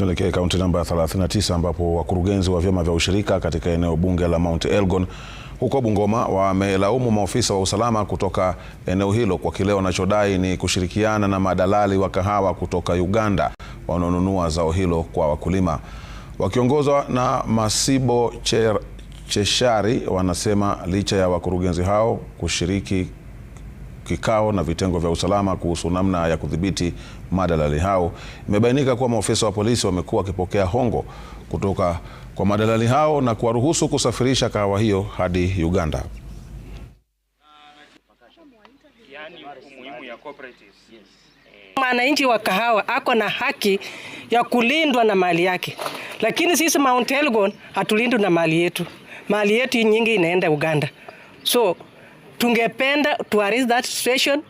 Tuelekee kaunti namba 39 ambapo wakurugenzi wa vyama vya ushirika katika eneo bunge la Mount Elgon huko Bungoma wamelaumu maofisa wa usalama kutoka eneo hilo kwa kile wanachodai ni kushirikiana na madalali wa kahawa kutoka Uganda wanaonunua zao hilo kwa wakulima. Wakiongozwa na Masibo Cheshari wanasema licha ya wakurugenzi hao kushiriki kikao na vitengo vya usalama kuhusu namna ya kudhibiti madalali hao, imebainika kuwa maofisa wa polisi wamekuwa wakipokea hongo kutoka kwa madalali hao na kuwaruhusu kusafirisha kahawa hiyo hadi Uganda. Mwananchi wa kahawa ako na haki ya kulindwa na mali yake, lakini sisi Mount Elgon hatulindwi na mali yetu. Mali yetu nyingi inaenda Uganda, so tungependa to arrest that situation,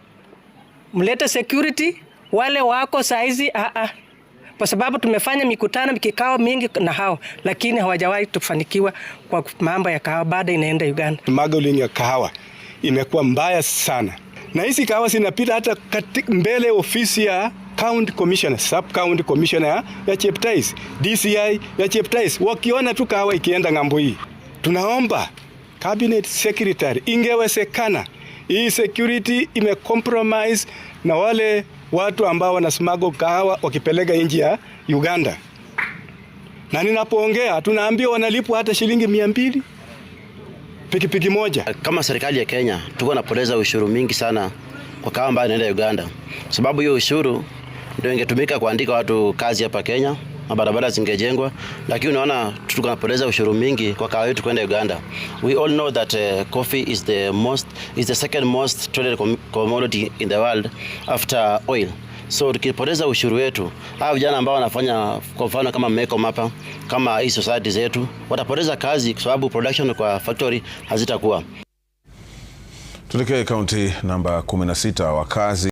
mlete security. Wale wako saizi a ah, a, ah. kwa sababu tumefanya mikutano mikikao mingi na hao, lakini hawajawahi tufanikiwa kwa mambo ya kahawa. Baada inaenda Uganda, smuggling ya kahawa imekuwa mbaya sana, na hizi kahawa zinapita hata mbele ofisi ya county commissioner, sub county commissioner ya Cheptais, DCI ya Cheptais, wakiona tu kahawa ikienda ng'ambo hii, tunaomba cabinet secretary. Ingewezekana hii security imecompromise na wale watu ambao wanasimago kahawa wakipeleka nje ya Uganda, na ninapoongea tunaambiwa wanalipwa hata shilingi mia mbili pikipiki moja. Kama serikali ya Kenya tuko napoteza ushuru mingi sana kwa kahawa ambayo inaenda Uganda, sababu hiyo ushuru ndio ingetumika kuandika watu kazi hapa Kenya mabarabara zingejengwa, lakini unaona tukapoteza ushuru mingi kwa kahawa yetu kwenda Uganda. We all know that uh, coffee is the most is the second most traded commodity in the world after oil. So tukipoteza ushuru wetu, hao vijana ambao wanafanya kwa mfano kama meko mapa kama hii society zetu watapoteza kazi kwa sababu production kwa factory hazitakuwa. Tuelekee kaunti namba 16 wakazi